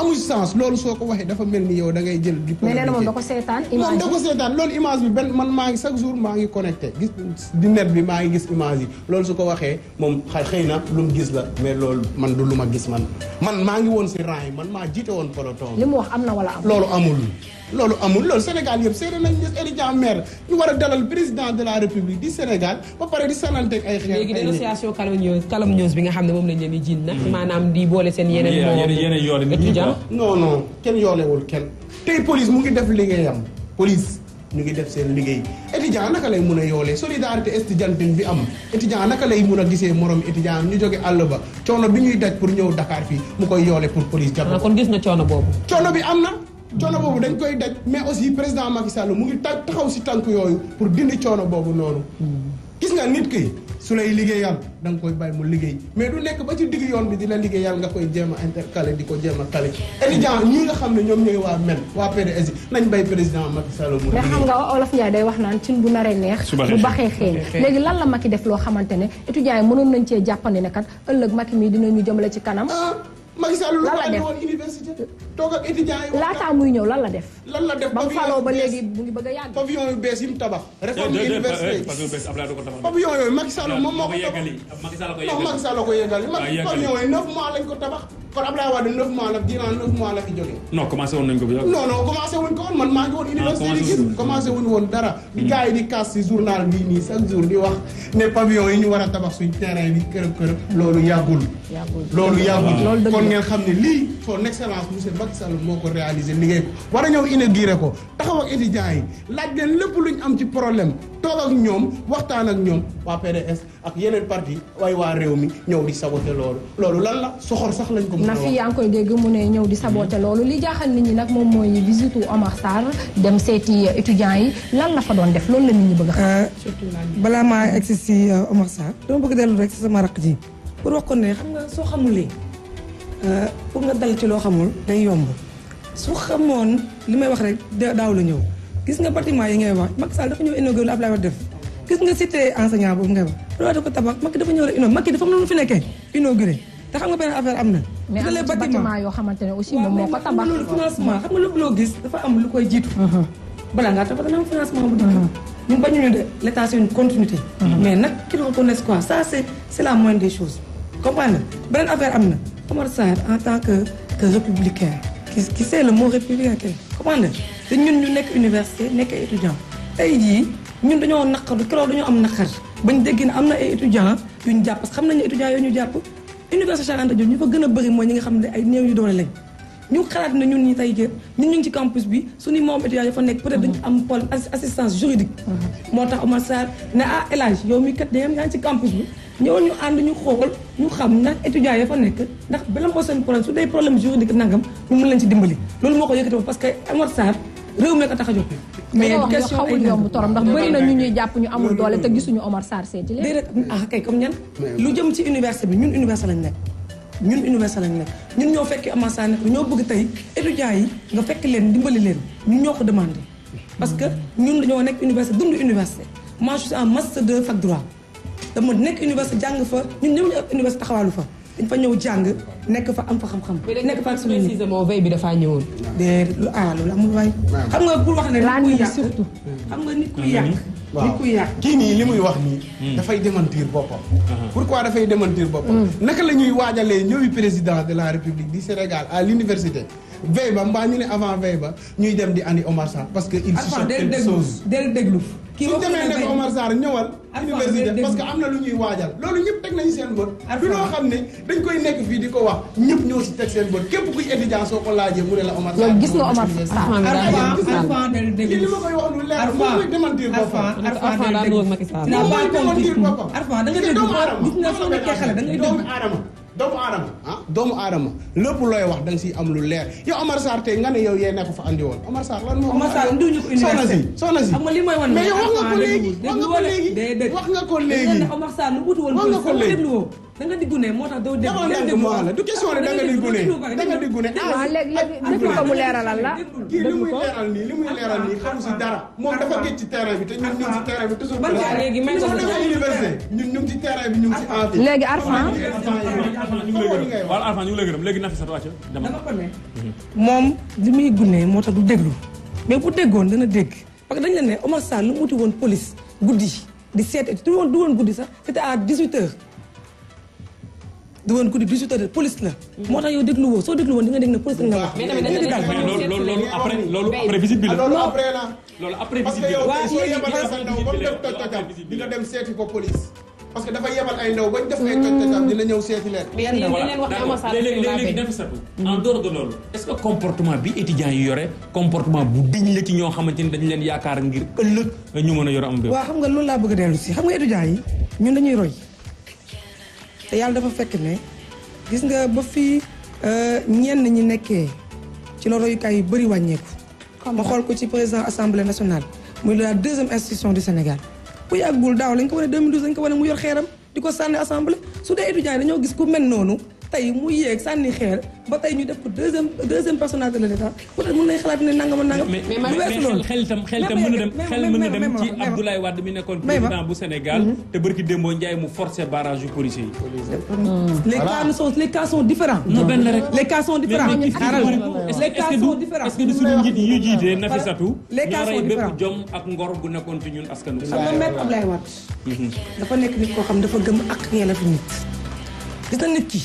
amul sens loolu soo ko waxee dafa mel ni yow da ngay jël di mais nee na moom da ko seetaan da ko seetaan loolu image bi benn man maa ngi chaque jour maa ngi connecté gis di net bi maa ngi gis image yi loolu su ko waxee moom xëy na lu gis la mais loolu man du lu ma gis man man maa ngi woon si rang yi man maa jiite woon peloton li mu wax am na wala amul loolu amul loolu amul loolu Sénégal yëpp seere nañ des étudiants a la république du Sénégal ba pare di sananteeg nga xam ne moom lañ leen di jiin nag maanaam di boole seen yeneen yeneen étudiant non non kenn yoolewul kenn tey police mu ngi def liggéeyam police ngi def seen liggéey étudiant naka lay mun a yoolee solidarité estudiantine bi am naka lay mun a gisee morom étudiant ñu jóge àll ba coono bi ñuy daj pour ñëw Dakar fii mu koy yoole pour police jàpp ah, kon gis na coono boobu coono bi am na coono boobu dañ koy daj mais aussi président Macky Sall mu ngi taxaw si tànk yooyu pour dindi coono boobu noonu. gis nga nit ki su lay liggéeyal da nga koy bàyyi mu liggéey mais du nekk ba ci digg yoon bi di la liggéeyal nga koy jéem di ko jéem a calé. étudiant nga xam ne ñoom ñooy waa MEN waa PDS nañ bay président Macky Sall mu. mais xam nga Olof Ndiaye day wax naan ci bu naree neex. su bu baxee xeeñ léegi lan la Macky def loo xamante ne étudiants yi mënoon nañ cee jàppandi ne kat ëllëg Macky mii dinañu jëmale ci kanam. Ah, Macky Sall lu la def lan la def. lan la def ba mu faloo ba léegi mu ngi bëgg a yàgg. pavillon yu bees yi mu tabax. réforme université pavillon yooyu Macky Sall moom moo ko tabax. Macky Sall ko yeggali pavillon yooyu neuf mois lañ ko tabax. kon Abdoulaye Wade neuf mois la durant neuf mois la fi jógee. non commencé woon nañ ko bi non non woon man maa ngi woon université di ah, gis commencé wuñ woon dara di yi di kaas si journal bii nii chaque jour di wax ne pavillon yi ñu war a tabax suñ terrain bi kërëb kërëb loolu yàggul loolu yàggul ah. kon ngeen xam ne lii son excellence monsieur Macky Sall moo ko réalisé liggéey ko war a ñëw inauguré ko taxaw ak étudiants yi laaj leen lépp luñ am ci problème toog ak ñoom waxtaan ak ñoom waa PDS ak yeneen parti waaye waa réew mi ñëw di saboté loolu loolu lan la soxor sax lañ ko na yaa ngi koy dégg mu ne ñëw di saboté mm-hmm. loolu li jaaxal nit ñi nag moom mooy visitu Omar Sarr dem seeti étudiants yi lan la fa doon def loolu la nit ñi bëgg a xam euh, balaa maa egsi si euh, Omar Sarr dama bëgg dellu rek si sama raq ji pour wax ko ne xam nga soo xamulee euh, pour nga dal ci loo xamul day yomb su xamoon li may wax rek daaw la ñëw gis nga bâtiment yi ngay wax Macky Sall dafa ñëw inauguré lu a Wade nga cité enseignant boobu ngay loolu dafa tabax Macky dafa ñëw rek inno Macky dafa am lu fi nekkee inauguré te xam nga benn affaire am na. mais am na dafa am lu koy jiitu. Uh-huh. balaa l' état c' est une uh-huh. nekk na Omar université nekk étudiant tey jii ñun dañoo naqar keroog dañoo am naqar. bañ dégg ne am na ay étudiants yu ñu jàpp parce que xam nañu étudiants yooyu ñu jàpp université Cheikh Anta Diop ñu fa gën a bëri mooy ñi nga xam ne ay néew yu doole lañ ñu xalaat ne ñun ñi tey jii ñun ñu ngi moom étudiants yi fa nekk peut-être dañu am pôle assistance juridique mm-hmm. moo tax Omar Sarr ne ah El yow mi kat dañam yaa ngi ci campus bi ñëwal ñu ànd ñu xool ñu xam ndax étudiants yi fa nekk ndax bala moo seen problème su dee problème juridique nangam ñu mën leen ci dimbali loolu moo ko yëkkati parce que Omar Sarr réew mi ko tax a jóg mais éducation xawul yomb torom ndax bëri na ñu ñuy jàpp ñu amul doole te gisuñu Omar Sarr seeti leen déedéet ah kay comme ñan lu jëm ci université bi ñun université lañ nekk ñun université lañ ñun ñoo fekk Omar Sarr nekk ñoo bëgg tey étudiants yi nga fekk leen dimbali leen ñun ñoo ko demandé parce que ñun dañoo nekk université dund université moi je suis en master de fac droit dama nekk université jàng fa ñun ñëw ñu université taxawaalu fa dañ fa ñëw jàng nekk fa am fa xam-xam. nekk fa ak suñu précisément bi dafaa ñëwoon. de lu ah loolu amul waay. xam nga pour wax ne nit kuy yàq surtout. xam nga nit kuy yàq. nit kuy yàq kii nii li muy wax nii. Hmm. dafay démentir boppam. Hmm. pourquoi dafay démentir boppam. Hmm. naka la ñuy waajalee ñëw président de la république du Sénégal à l'université veille ba mbaa ñu ne avant veille ba ñuy dem di andi Omar Sarr parce que. il se sont quelque déglu suñ demee nekk Omar Sarr ñëwal université parce que am na lu ñuy waajal loolu ñëpp teg nañu seen bët du loo xam ne dañ koy nekk fii di ko wax ñëpp ñoo si teg seen bët képp kuy étudiant soo ko laajee mu ne la Omar Sarr gis nga Omar Sarr li ma koy wax lu leer moom mooy démentir boppam moom mooy démentir boppam doomu aadama doomu aadama ah doomu aadama lépp looy wax da nga siy am lu leer yow Omar Sarr tey nga ne yow yee ne ko fa andi woon Omar Sarr lan moo. Omar Sarr nduñu ko université soxna si soxna si. am nga li mooy wan mais yow wax nga ko léegi wax nga ko léegi wax nga ko léegi. Omar Sarr lu wutu woon. wax nga ko léegi léegi moo la du question da nga di gune da nga di gune ah léegi ko mu leeralal la kii li muy leeral nii li muy ñu léegi may léegi Arfan ñu ngi lay sa wàcc dama ko ne mhm. moom li muy gune moo tax du déglu mais bu déggoon dana dégg parce que dañ la ne Omar Sall lu mu wuti woon police guddi di seet du woon du woon guddi sax c'était à 18 heures du ko di 18 heures police la. moo tax yow déglu woo soo déglu woon di nga dégg ne police nga wax. mais tamit loolu après lolu après visite bi la. loolu après la. lolu après visite bi wa parce que yow yebal sa ndaw ba def toj tojam di nga dem setti ko police. parce que dafa yebal ay ndaw bañ def ay tok tojam dina ñëw seeti leen. mais yéen dañ leen wax sa Amasa léegi léegi dafa satu. en dehors de lolu est ce que comportement bi étudiant yi yoré comportement bu diñ la ci ño xamanteni dañ leen yaakar ngir euleuk ñu mëna a am bi wa xam nga lolu la bëgg delu ci xam nga étudiant yi ñun dañuy roy te yàlla dafa fekk ne gis nga ba fii euh, ñenn ñi nekkee ci la royukaay yu bëri wàññeeku. nga xool ko ci président assemblée nationale muy la deuxième institution du Sénégal bu yàggul daaw lañ ko war wane 2012 lañ ko wane mu yor xeeram di ko sànni assemblée su dee étudiants yi dañoo gis ku mel noonu tey mu yéeg sànni xeer ba tey ñu def ko deuxième deuxième personnage de l'État peut-être mën nañ xalaat ne nangam a nangam mais mais loolu xel itam xel itam mën na dem xel mën na dem ci Abdoulaye Wade mi nekkoon président bu Sénégal te barki Dembo Ndiaye mu forcé barrage yu policiers yi les cas sont les cas sont différents non benn rek les cas sont différents les cas sont différents est-ce que du suñu njiit yi jiite Nafisatou les cas sont différents bépp jom ak ngor bu nekkoon ci ñun askanu xam nga maître Abdoulaye Wade mhm. dafa nekk nit koo xam dafa gëm ak yelleefu nit gis na nit ki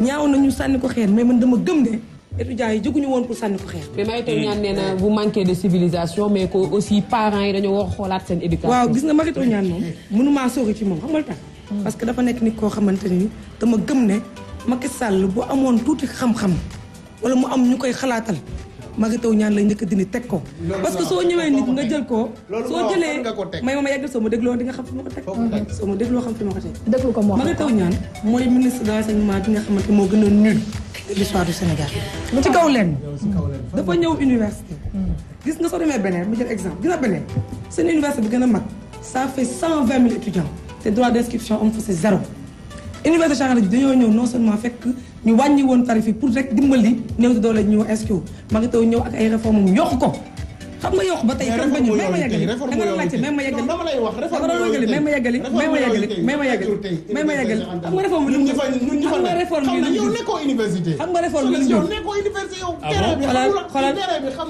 ñaaw nañu sànni ko xeer mais man dama gëm ne jaay yi jóguñu woon pour sànni ko xeer. mais Mary Teuw ñaan nee na vous manquez de civilisation mais que aussi parents yi dañoo war a xoolaat seen éducation. waaw gis nga Mary Teuw Niane moom mënumaa sori ci moom xam nga lu tax. Hmm. parce que dafa nekk nit koo xamante ni dama gëm ne Macky Sall bu amoon tuuti xam-xam wala mu am ñu koy xalaatal Mary Teuw Niane lay njëkk a dindi teg ko parce que soo ñëwee nit nga jël ko soo jëlee may ma ma yàggal soo ma dégloo di nga xam fi ma ko teg soo ma dégloo xam fi ma ko teg déglu a nul de l'histoire du Sénégal ci kaw leen dafa ñëw université hmm. gis nga soo demee Bénin mu jël exemple gis nga seen université bi gën mag ça fait cent vingt mille étudiants te droit d'inscription am fa zéro L'Université de de non seulement que ñu woon tarif pour rek dimbali ñu réformes xam nga yow ba tey kan bañu may ma yeggali da nga laajte may ma yeggali dama lay wax réforme may ma yeggali may ma yeggali may ma yeggali may ma yeggali xam nga réforme li mu xam nga réforme xam nga yow nekkoo université xam nga réforme li mu yow nekkoo université yow ah terrain bi xolal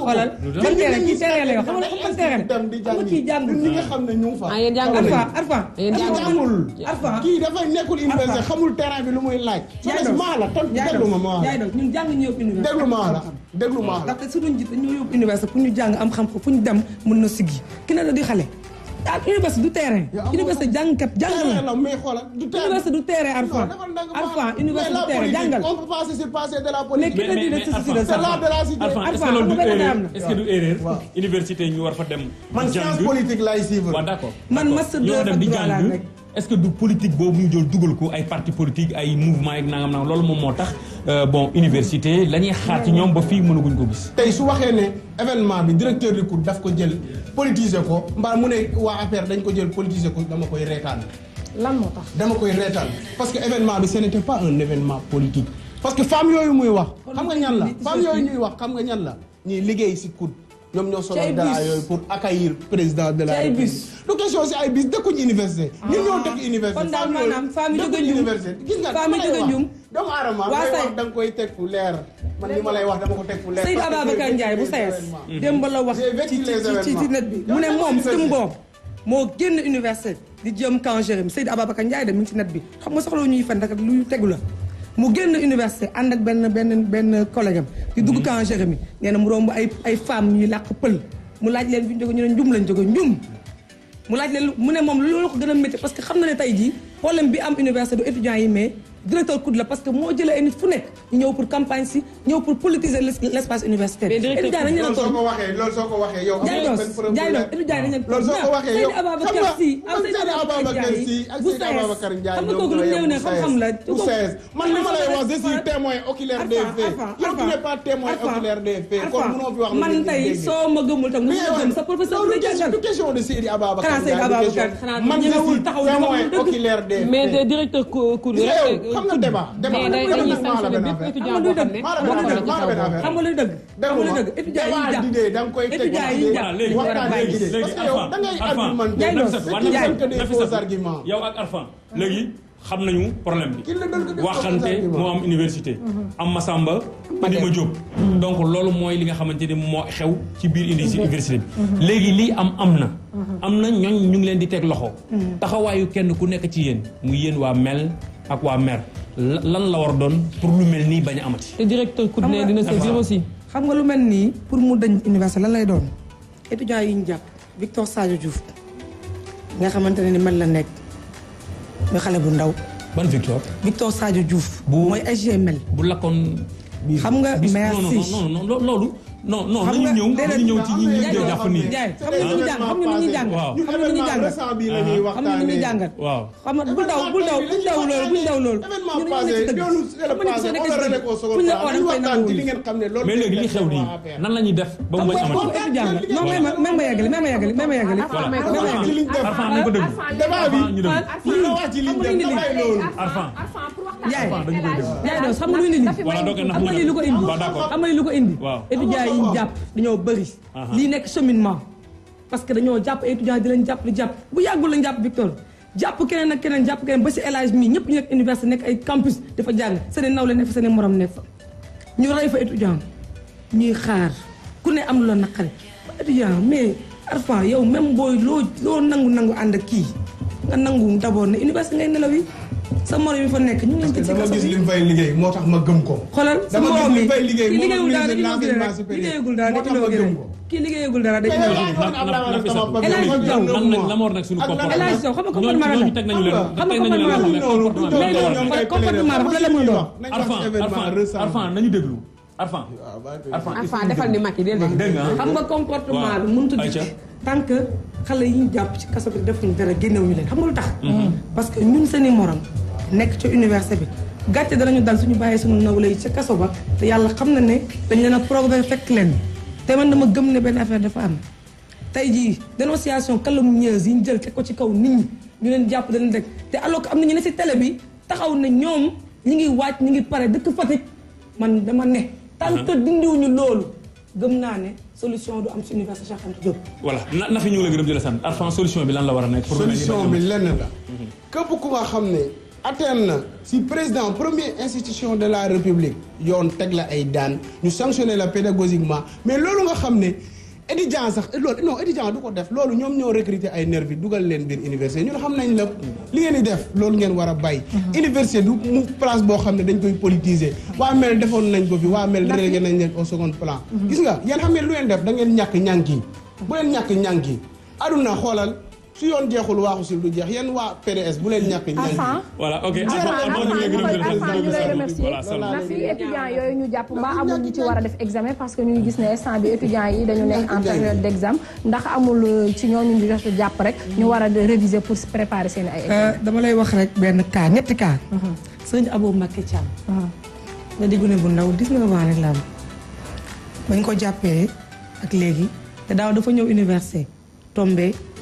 xolal man terrain ki terrain la yow xam nga xam terrain xam nga kii jàng ñi nga xam ne ñu fa ay jàngal arfa arfa kii dafay nekkul université xamul terrain bi lu muy laaj so ma la ton déglu ma ma yaay donc ñun jàng ñu yóbbu université déglu ma la déglu ma la ndaxte suñu jit ñu yóbbu université pour ñu jàng am xam fu ñu dem mën na siggi ki ne la di xale ah université du terrain. université jàngkat jàngal la université du terrain Arfan. Arfan université du terrain jàngal. on peut pas se passer de la Arfan est du erreur. université ñu war fa dem. man science politique laay man master 2 ak droit laa nekk. est-ce que du politique boobu ñu jël dugal ko ay parti politique ay mouvement yeeg nangam nangam loolu euh, bon université la ñuy xaar ci ñoom ba fii ko événement bi directeur du cours daf ko jël politiser ko mbaa mu ne waa affaire dañ ko jël politiser ko dama koy reetaan. lan moo tax dama koy parce que événement ce n'était pas un événement politique. parce que les femmes, muy wax xam nga ñan la femme yooyu ñuy wax xam ñoom ñoo sonal dara yooyu pour accueillir président de la République. du question si ay bis dëkkuñu université. Ah. ñun ñoo dëkk université. kon daal jóge ñum gis nga dama lay wax dama ko teg fu leer. Seydou Ababacar Ndiaye bu SAES. démb la wax ci ci ci net bi. mu ne moom si mu moo génn université. di jëm camp Jérémie Seydou Ababacar Ndiaye ci nat bi xam nga soxla wu ñuy fen rek lu tegu la. mu génn université ànd ak benn benn benn collègue di dugg mhm. camp Jérémy nee na mu romb ay ay femmes ñuy làq pël mu laaj leen fi ñu jóge ñu ne njum lañ jóge njum mu laaj leen mu ne moom loolu ko gën a métti parce que xam na ne tey jii problème bi am université du étudiant yi mais directeur COUD la parce que moo jëlee ay nit fu nekk ñu ñëw pour campagne si ñëw pour politiser l' espace universitaire. mais directeur COUD loolu soo ko waxee loolu soo ko waxee yow. amul benn problème loolu soo ko waxee yow xam nga Seydi Ababacar Sy ak Seydi Ababacar Ndiaye ñoom ñoo yeewu xam la man li ma lay wax je suis témoin oculaire des faits. yow tu n'es pas témoin oculaire des faits. kon mënoo fi wax man tey soo ma gëmul tam gëm sa professeur du question de Seydi Ababacar Ndiaye man je suis témoin oculaire des faits mais directeur COUD am na débat. débat dañuy sanctionné bépp étudiant boo xam ne xam nga luy dëgg. xam nga luy dëgg étudiant yi jàpp da nga koy teg parce que yow da ngay argumenté. jaay loolu yow ak Arfan léegi xam nañu problème bi waxante moo am université mm-hmm. am Massamba indi ma Diop donc loolu mooy li nga xamante ni moo xew ci biir indi si université bi mm-hmm. léegi lii am am na mm-hmm. am na ñooñ ñu ngi leen di teg loxo taxawaayu kenn ku nekk ci yéen mu yéen waa mel ak lan la war doon pour lu mel nii bañ a amati. te directeur Koundé dina servir aussi. xam nga lu mel nii pour mu dañ université lan lay doon étudiants yi ñu jàpp Victor Sadio Diouf nga xamante ne ni man la nekk muy xale bu ndaw. ban Victor. Victor Sadio Diouf. bu mooy SGML. bu lakkoon. xam nga merci non non loolu. non non nañu ñëw nañu ñëw ci ñi ñu jàpp nii. xam nga ñu jàng xam nga ñu jàng. waaw xam nga ñu jàngat. xam nga ñu jàngat. waaw xam nga bu daw bu daw bu daw loolu bu daw loolu. ñu ne ñu nekk si dëgg bu ñu la oo dañ koy nangu mais léegi li xew nii nan la ñuy def ba mu bañ amati. xam nga jàngat non mais ma même ma yàggale même ma yàggale même ma yàggale. voilà même ma yàggale. arfan nañu ko déglu. arfan ñu déglu. arfan ñu déglu. jaay jaay do Sama nga lu indi xam nga li lu indi xam nga li lu ko indi étudiant yi ñu jàpp dañoo bëri lii nekk cheminement parce que dañoo jàpp étudiant di leen jàpp di jàpp bu yàggul lañ jàpp Victor jàpp keneen ak keneen jàpp keneen ba si élage mi ñëpp ñu nekk université nek ay campus dafa jàng seen nawle nekk seen morom nekk fa ñu rey fa étudiant ñuy xaar ku ne am lu la naqari étudiant mais Arfan yow même booy loo loo nangu nangu ànd ak kii nga nangu d'abord ne université ngay nelaw sa morom yi fa nekk ñu ngi leen tëj ci ko. xoolal dara dañu ñu leen xam tax mhm. parce ñun seeni morom nekk ca université bi dana ñu dal suñu bàyyi suñu nawle yi ca kaso ba te yàlla xam na ne dañ leen a progrès fekk leen te man dama gëm ne benn affaire dafa am tey jii dénonciation calomnieuse yi ñu jël teg ko ci kaw nit ñu leen jàpp dañu rek te am na ñu ne si tele bi taxaw ne ñoom ñi ngi wàcc ñi ngi pare dëkk Fatick man dama ne tant que uh-huh. dindiwuñu loolu gëm naa ne solution du am ci université Cheikh Anta Diop voilà na fi ñu la gërëm di la sant Arfan solution bi lan la war a nekk solution bi lenn mm-hmm. nga xam ne atteindre si président première institution de la république yon teg la ay daan ñu sanctionner la pédagogiquement mais loolu nga xamné ne étudiant sax non étudiant du ko def lolu ñom ñoo recruter ay nervi dugal leen bir université ñun xam nañ lépp li ngeen di def lolu ngeen wara bay mhm. université du mu place bo xam dañ koy politiser mhm. wa mel defon nañ ko fi wa mel délégué nañ leen au second plan mhm. gis nga yeen xamé lu ngeen def da ngeen ñak ñànk yi bu leen ñàkk ñànk yi aduna xolal su yoon jeexul waaxu si lu jeex yéen waa PDS bu leen ñàkk. Afan voilà ok étudiants yooyu ñu jàpp mbaa amul ñu ci war a def examen parce que ñu ngi gis ne instant bi étudiants yi dañu nekk en période d' examen ndax amul ci ñooñu ñu jot jàpp rek. ñu war a réviser pour préparer seen ay examen. dama lay wax rek benn cas ñetti cas. sëñ Abou Mbacké Thiam. nga di gune bu ndaw 19 ans rek la bañ ko jàppee ak léegi te daaw dafa ñëw université tombé.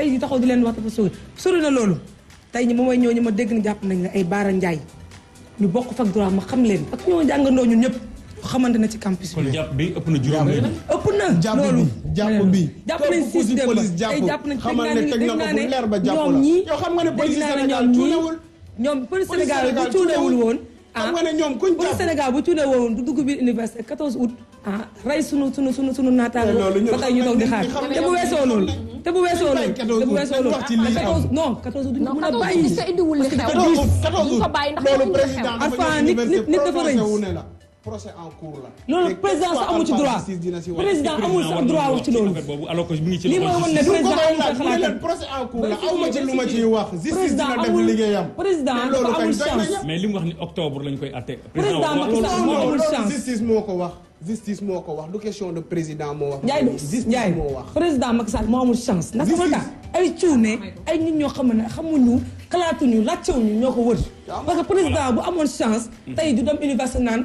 tey jii taxaw di leen wax dafa sori sori loolu tey moom ñooñu ma dégg na jàpp nañ ne ay Baara Ndiaye ñu bokk fac droit ma xam leen ak ñoo jàngandoo ñun ñëpp xamante na ci campus bi. jàpp nañ système ba ñoom police ñoom police Sénégal bu tuulee ah. woon du dugg biir université 14 août ah rey sunu sunu sunu sunu naataangoo ba tey ñu toog di xaar te bu weesoo loolu te bu weesoo loolu te bu weesoo loolu non 14 duñ ko mën a bàyyi parce que loolu président enfin nit nit nit dafa rëy procès en cours la loolu président sax amu ci droit président amul sax droit wax ci loolu li ma woon ne président amul sax xalaat procès en cours la aw ma ci lu ma ciy wax justice dina def liggéeyam président dafa amul chance mais li mu wax ni octobre lañ koy atte président Macky Sall moo amul chance justice moo ko wax justice moo ko wax du question de président moo wax. Ndiaye Ndiaye président Macky Sall moo amul chance. ndax xam nga ay cuune ay nit ñoo xam ne xamuñu xalaatuñu laajtewuñu ñoo ko wër. parce que président bu amoon chance. tey du dem université naan.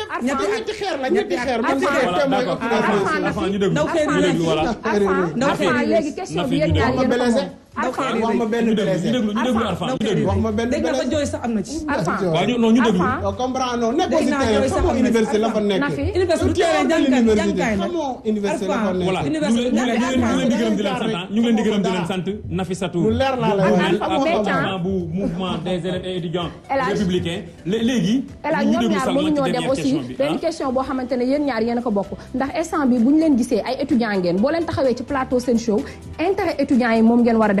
ñetti xeer la ñetti xeer man ñu déglu arfan léegi question bi yéen ñaar yéen Arfan wax ma benn blessé ñu déglu ñu déglu Arfan la fa fa nekk voilà bu mouvement des élèves ah? boo xamante ne yéen ñaar yéen a ko bokk ndax instant bi bu ñu leen gisee ay étudiants ngeen boo leen taxawee ci plateau seen show intérêt étudiants yi moom ngeen war a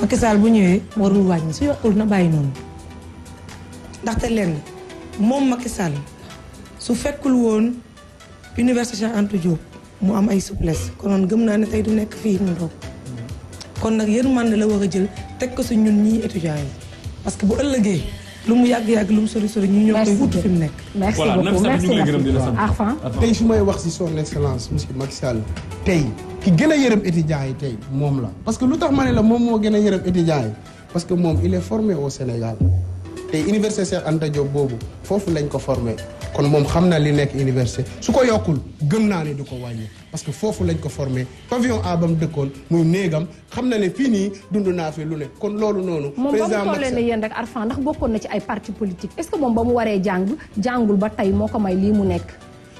Macky saal bu ñëwee warul wàññi su yokkul na bàyyi noonu ndaxte lenn moom Macky Sall su fekkul woon université Cheikh Anta Diop mu am ay souplesse konoon gëm naa ne tey du nekk fii ñu toog kon nag na la war a jël teg ko si ñun ñii étudiants yi parce que bu ëllëgee lu mu yàgg-yàgg lu mu sori sori ñu ñoo koy wut fi mu nekk merci beaucoup merci beaucoup tey su may wax si son excellence monsieur Macky Sall tey ki gën a yërëm étudiants yi tey moom la parce que lu tax ma ne la moom moo gën a yërëm étudiants yi parce que moom il est formé au Sénégal te université Cheikh Anta Diop boobu foofu lañ ko formé kon moom xam na li nekk université su ko yokkul gëm naa ne du ko wàññi parce que foofu lañ ko formé pavillon A bam dëkkoon muy néegam xam na ne fii nii dund naa fi lu ne kon loolu noonu. président moom ba mu tollee ne yéen rek Arfan ndax bokkoon na ci ay parti politique est ce que moom ba mu waree jàng jàngul ba tey moo ko may lii mu nekk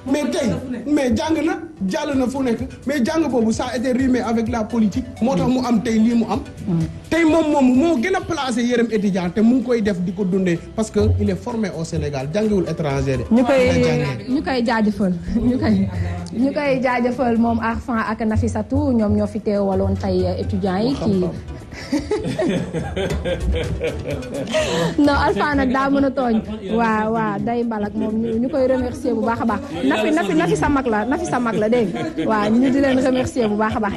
mais tay mais jàng na jàll na fu nekk mais jang bobu ça a été rimé avec la politique motax tax mu am tay lii mu am mm tey moom moom moo gën a placé Yérim étudiant te mu ngi koy def di ko dundee parce que il est formé au Sénégal jàngiwul étranger de. ñu koy ñu koy jaajëfal ñu koy ñu koy jaajëfal moom Arfan ak Nafisatou ñoom ñoo fi teewaloon tey étudiant yi ci. non Alpha nag daa mën a tooñ waaw waaw day mbalak moom ñu koy remercier bu baax a baax Nafi Nafi Nafi sa mag la Nafi sa mag la dégg waaw ñu di leen remercier bu baax a baax